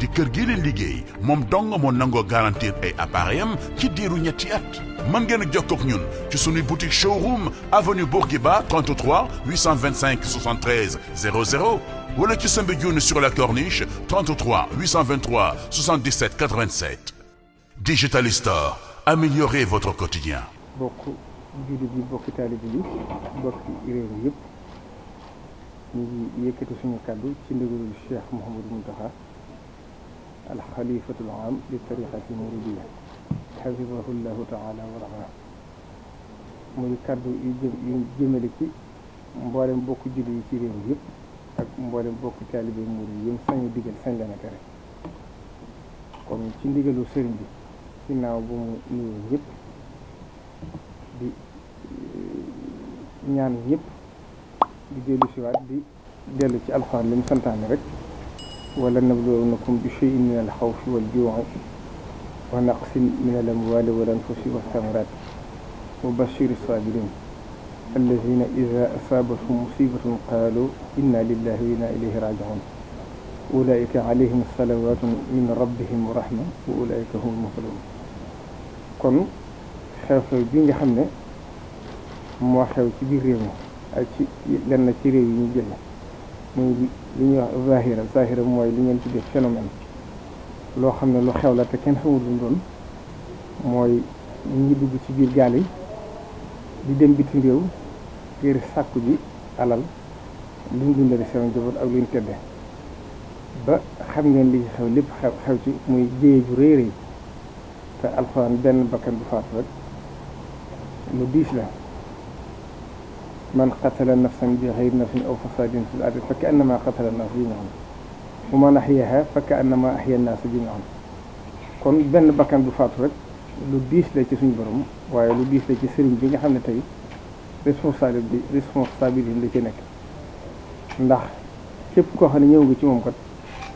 di kër gi leen liggéey moom dong moo nangoo garantir ay appareil am ci diiru ñetti man mën ngeen a jokkoo ñun ci suñuy boutique showroom avenue Bourguiba 33 825 73 00 wala ci Soumbédioune sur la corniche 33 823 77 87 Digital Store améliorez votre quotidien. bokk jullit alxalifatu am li tarixati muridiya xafidahu llahu taala wa raha muy kaddu yu jëm yu jëmale ci mboolem bokk julli yi ci réew yëpp ak mboolem bokk taalibe murid yi sañu digal sañ leen a tere kon ci ndigalu sëriñ bi ginnaaw bu mu nuyu ñëpp di ñaan ñëpp di dellu siwaat di dellu ci alxuraan li mu santaane rek ولنبلونكم بشيء من الخوف والجوع ونقص من الأموال والأنفس والثمرات وبشر الصابرين الذين إذا أصابتهم مصيبة قالوا إنا لله وإنا إليه راجعون أولئك عليهم صلوات من ربهم ورحمة وأولئك هم المهتدون kon xew-xew bi nga xam ne moo xew ci biir réew mi ak ci lenn ci réew yi ñu jëlee muy li ñuy wax zahira zahira mooy lu ngeen ci def phénomène loo xam ne lu xew la te kenn xamul lu doon mooy ñi dugg ci biir gaal yi di dem bitim réew ngir sàkku ji alal lu ñu dundale seen njaboot ak lu ñu tedde ba xam ngeen li xew lépp xew xew ci muy jéye ju réy réy te alxuraan benn bakkan bu faatu rek lu diis la man qatala nafsan bi xayri nafsin aw fasadin fil ardi fa ka annama qatala nnaas jamiian wa man ahyaha fa ka annama ahya nnaas jamiian kon benn bakkan bu faatu rek lu diis la ci suñu borom waaye lu diis la ci sëriñ bi nga xam ne tey bi responsabilité responsabilité li ci nekk ndax képp koo xam ne ñëw nga ci moom kat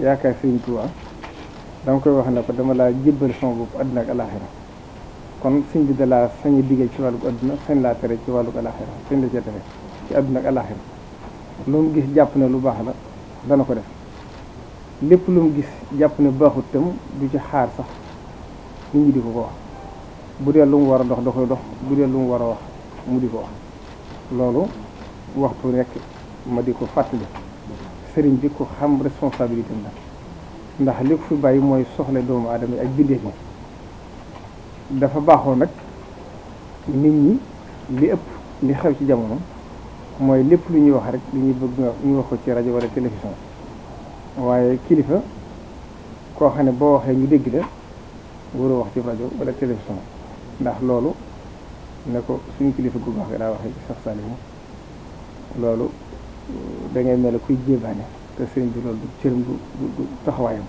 yaakaar sëriñ Tuubaa dama koy wax na ko dama laa jëbbal sama boobu àddina ak alaaxira kon sëñ bi da laa sañ ci wàllu adduna sañ laa tere ci wàllu alaxira sañ la cee tere ci adduna ak alaxira mu gis jàpp ne lu baax la dana ko def lépp lu mu gis jàpp ne baaxut tam du ci xaar sax nit ñi di ko ko wax bu dee lu mu war a dox da koy dox bu dee lu mu war a wax mu di ko wax loolu waxtu nekk ma di ko fàttali sëriñ bi ko xam responsabilité la ndax li ko fi bàyyi mooy soxla doomu aadama yi ak bindee ñi dafa baaxoo nag nit ñi li ëpp li xew ci jamono mooy lépp lu ñuy wax rek li ñuy bëgg ñu wax ko ci rajo wala télévision waaye kilifa koo xam ne boo waxee ñu dégg la waroo wax ci rajo wala télévision ndax loolu ne ko suñu kilifa gu baax gi daa waxee ci sax Saliou loolu da ngay mel kuy jébaane te seen bi loolu du du taxawaayam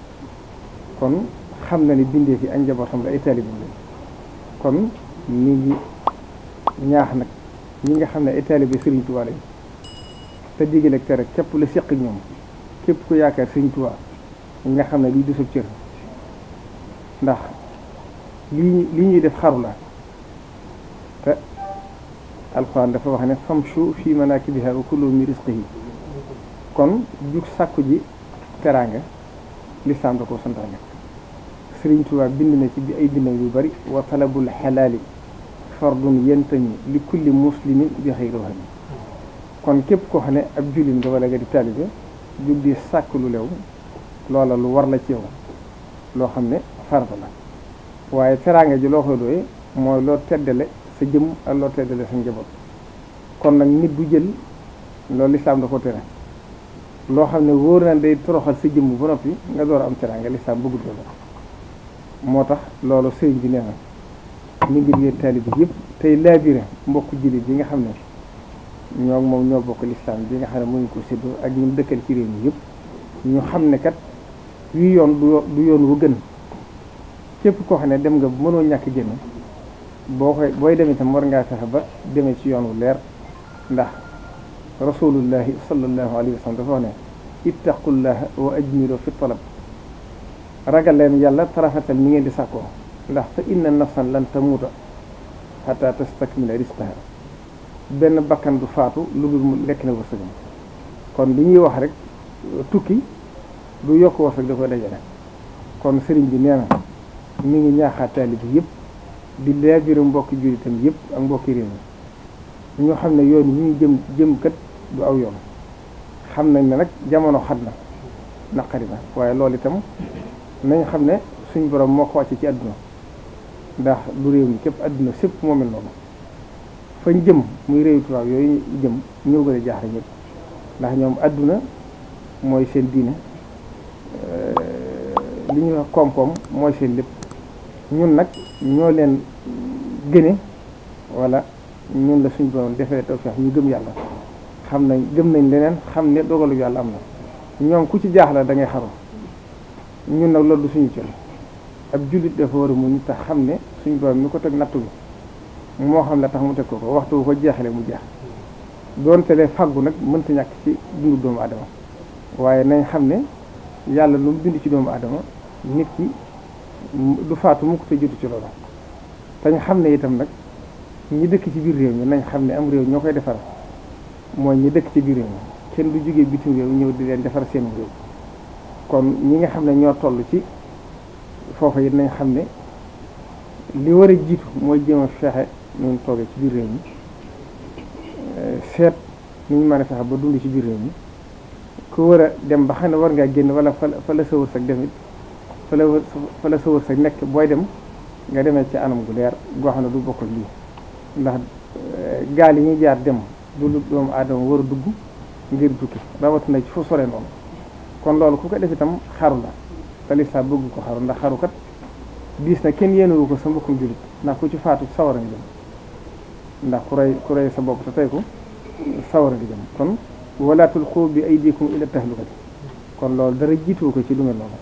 kon xam na ni bindee fi ak njabootam la ay taalibam la kon ñu ñaax nag ñi nga xam ne ay bi Sëriñ Tuubaa te digal ak tere képp la seq ñoom képp ku yaakaar Sëriñ Tuubaa nga xam ne lii du sab cër ndax lii lii ñuy def xarula la te alxuraan dafa wax ne famshu fi manaakibihaa wa kulu min rizqihi kon jug sàkku ji teraanga li da ko santaane Sëriñ Tuubaa bind na ci bi ay bindam yu bari wa talabul xalaali fardun yentami li kulli muslimin bi xëy rohani kon képp koo xam ne ab jullit nga di taalibe jug di sàkk lu lew loola lu war la ci yow loo xam ne farata la waaye teraanga ji loo koy doyee mooy loo teddale sa jëm ak loo teddale sa njaboot kon nag nit bu jël loolu lislaam da ko tere loo xam ne wóor na day toroxal sa jëmm ba noppi nga door a am teraanga lislaam bëggul loolu moo tax loolu sëriñ bi nee na mi ngi yéen taalib bi yëpp tey laabire mbokk jullit yi nga xam ne ñoo moom ñoo bokk lislaam bi nga xam ne ñu ko séddoo ak ñu dëkkal ci réew mi yëpp ñu xam ne kat yu yoon du yoon wu gën képp koo xam ne dem nga mënoo ñàkk génn boo koy booy demee tam war ngaa fexe ba demee ci yoon wu leer ndax rasulullahi sallallahu alayhi wa sallam dafa wax ne ittaqullaha wa ajmilu fi talab ragal leen yàlla tarafetal mi ngeen di sàkkoo ndax fa inna nafsan lan tamuuta xataa tastakmila rizqaha benn bakkan du faatu lu dul mu lekk na wërsëgam kon li ñuy wax rek tukki du yokk wërsëg da koy dajale kon sëriñ bi nee na mi ngi ñaaxaat taalibe yëpp di laabiru mbokki jullitam yëpp ak mbokki réew mi ñoo xam ne yoon yi ñu jëm jëm kat du aw yoon xam nañ ne nag jamono xat na naqari na waaye loolu itam nañ xam ne suñ borom moo ko ci àdduna ndax lu réew mi képp àdduna sépp moo mel noonu fañ jëm muy réew tubaab yooyu jëm ñoo gën a jaaxle ndax ñoom àdduna mooy seen diine li ñuy wax koom mooy seen lépp ñun nag ñoo leen gëne wala ñun la suñ borom defee tawfeex ñu gëm yàlla xam nañ gëm nañ leneen xam ne dogalu yàlla am na ñoom ku ci jaaxle da ngay xaru ñun nag loolu du suñu cër ab jullit dafa war a muñ te xam ne suñu borom mi ko teg nattu bi moo xam ne tax mu teg ko ko waxtu ko jeexale mu jeex doonte lee fàggu nag mënta ñàkk ci dundu doomu adama waaye nañ xam ne yàlla lu mu bind ci doomu aadama nit ki du faatu mukk te jotu ci loolu te ñu xam ne itam nag ñi dëkk ci biir réew mi nañ xam ne am réew ñoo koy defar mooy ñi dëkk ci biir réew mi kenn du jógee bitim réew ñëw di leen defar seen réew kon ñi nga xam ne ñoo toll ci foofa it nañ xam ne li war a jiitu mooy jéem a fexe ñu toogee ci biir réew mi euh, seet ni ñu mën a fexe ba dund ci biir réew mi ku war a dem ba xam ne war ngaa génn wala fa fa la sa wërsëg demit fa la fa la sa wërsëg nekk booy dem nga demee ci anam gu leer goo xam ne du bokk lii ndax euh, gaal yi ñuy jaar dem du lu doomu aadama war a dugg ngir tukki rawatina ci fu sore noonu kon loolu ku ko def itam xaru la te lislaam bëgg ko xaru ndax xaru kat diis na kenn yéenewu ko sa mbokkum jullit ndax ku ci faatu sawara nga jëm ndax ku rey sa bopp te ko sawara di jëm kon wala tulqu bi aydikum ila tahlukati kon loolu dara jiituwu ko ci lu mel noonu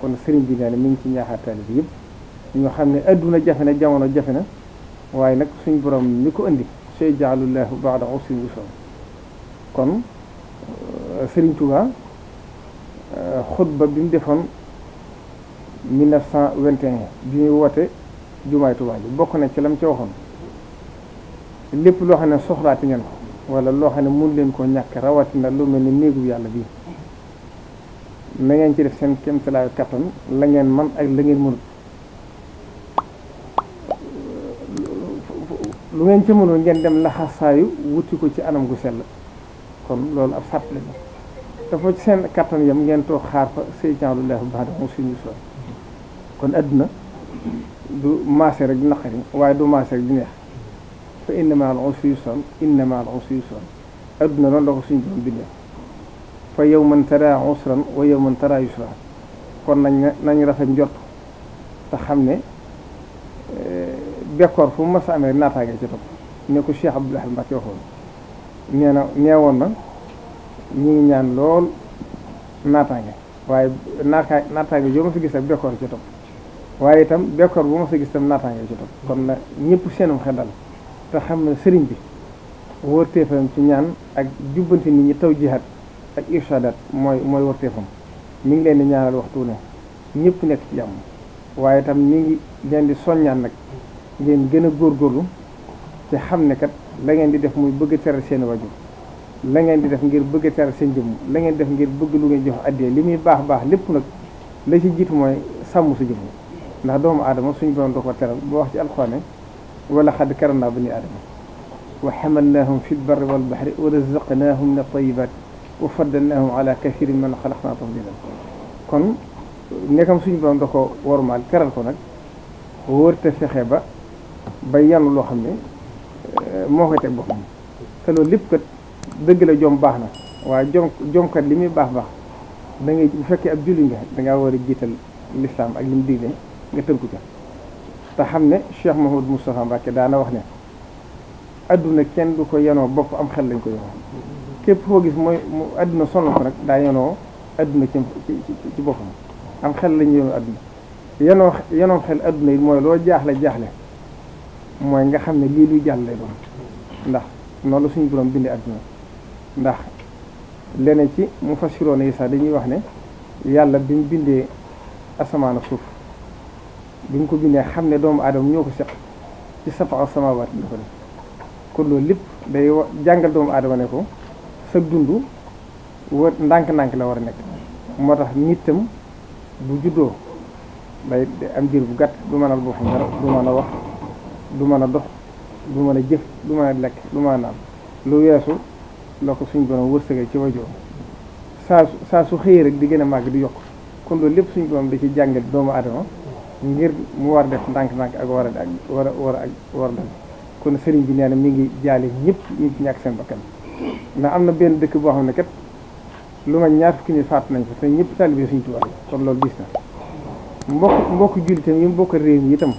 kon sëriñ bi nee na ngi ci ñaaxaar taalibe yëpp ñu xam ne adduna jafe na jamono jafe na waaye nag suñ borom mi ko indi baax da baada usri yusra kon euh, sëriñ Tuubaa xutba bi mu defoon 1921 bi ñuy woote jumaay Tuubaa ji bokk na ci lam ca waxoon lépp loo xam ne soxlaati ngeen ko wala loo xam ne mun leen koo ñàkk rawatina loo mel ni néegu yàlla bii na ngeen ci def seen kéemtalaayu kattan la ngeen man ak la ngeen mënut lu ngeen ci mënul ngeen dem laxasaayu wuti ko ci anam gu sell kon loolu ab sàtt la dafa ci seen kattan yam ngeen toog xaar fa say lu leex baax de moom suñu sooy kon àdduna du maase rek di naqari waaye du maase rek di neex fa inna ma'al usri yusran inna ma'al usri yusran àdduna noonu la ko fa yawman tara usran wa kon nañ nañ rafet njort xam ne eh, bekkoor fu mu mas a amee naataange ci topp ne ko Cheikh Abdoul Ahad Mbacké waxoon nee na neewoon na ñu ngi ñaan lool naataange waaye naataange naataange joo ma fi gis ak bekkoor ci waaye itam bekkoor bu ma fi gis itam nataange ci topp kon nag ñëpp seenum xel dal te xam ne sëriñ bi wërteefam ci ñaan ak jubbanti nit ñi taw jihaat ak irshadaat mooy mooy wërteefam mi ngi leen di ñaanal waxtu ne ñëpp nekk ci jàmm waaye itam mi ngi leen di soññaan nag ngeen gën a góorgóorlu te xam ne kat la di def muy bëgg teral seeni wajur la ngeen di def ngir bëgg a teral seen jëmm la ngeen def ngir bëgg lu ngeen jox addee li muy baax baax lépp nag la ci jiitu mooy sàmm su jëmm ndax doomu aadama suñu borom da ko teral boo wax ci alxuraan wala xadd karam naa bani aadama wa xamalnaahum fi lbarri wal baxri wa razaqnaahum min at-tayyibaat wa faddalnaahum ala kathirin man xalaqnaa tafdiilaa kon nekkam suñu borom da ko wormaal teral ko nag wóor te fexe ba ba yanu loo xam ne eh, moo koy teg boppam te loolu lépp kat dëgg la jom baax na waa jom jomkat li muy baax baax da ngay bu fekkee ab julli nga dangaa war a jiital lislaam ak li mu digle nga ko ca te xam ne Cheikh Mahmoud Moustapha Mbacke daana wax ne adduna kenn du ko yenoo bopp am xel lañ ko yenoo koo gis mooy mu adduna sonn rek daa yenoo adduna ci ci boppam am xel lañ yenoo adduna yenoo yenoom xel adduna yi mooy loo jaaxle jaaxle mooy nga xam ne lii luy jàll lay doon ndax noonu la suñu borom bindee adduna ndax leneen ci mu fassiroon yi sax dañuy wax ne yàlla bi mu bindee asamaan suuf bi mu ko bindee xam ne doomu mu ñoo ko set ci sama samawaat la ko def kon loolu lépp day jàngal doomu aadama ne ko sa dund war ndànk-ndànk la war a nekk moo tax nit tam bu juddoo day am diir bu gàtt du mën a boo xam dara du mën a wax du mën a dox du mën a jëf du mën a lekk du mën a lu weesu la ko suñ borom wërsëgal ci wajoo saa su saa su xëyee rek di gën a màgg di yokk kon loolu lépp suñ borom di ci jàngal doomu adama ngir mu war def ndànk-ndànk ak war a war a war war def kon sëriñ bi nee na mi ngi jaale ñëpp ci ñàkk seen bakkan ndax am na benn dëkk boo xam ne kat lu ma ñaar fukki ni faatu nañ fa te ñëpp talibé suñ Tuubaa kon loolu gis na mbokk mbokk jullitam yi mu bokk réew yi itam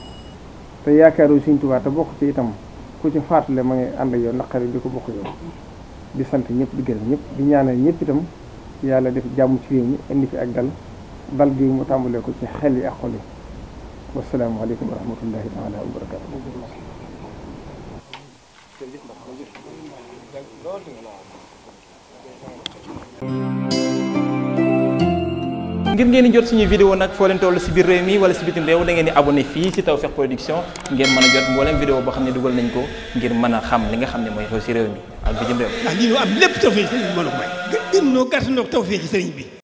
te yaakaaru suñ Tuubaa te bokk ci itam ku ci faatule ma ànd ak yow di ko bokk di sant ñëpp di gërëm ñëpp di ñaanal ñëpp itam yàlla def jàmm ci réew mi indi fi ak dal dal gi mu tàmbalee ko ci xel yi ak xol yi wasalaamaaleykum wa rahmatullahi taala wa barakaatu. ngir ngeen jot suñu vidéo nag foo leen toll si biir réew mi wala si bitim réew da ngeen di abonné fii si Tawfekh Production ngeen mën a jot mboolem vidéo boo xam ne dugal nañ ko ngir mën a xam li nga xam ne mooy xew si réew mi ak bi ci ah, am lépp tawfeex sëriñ bi moo may. gën noo gàtt noo tawfeex bi.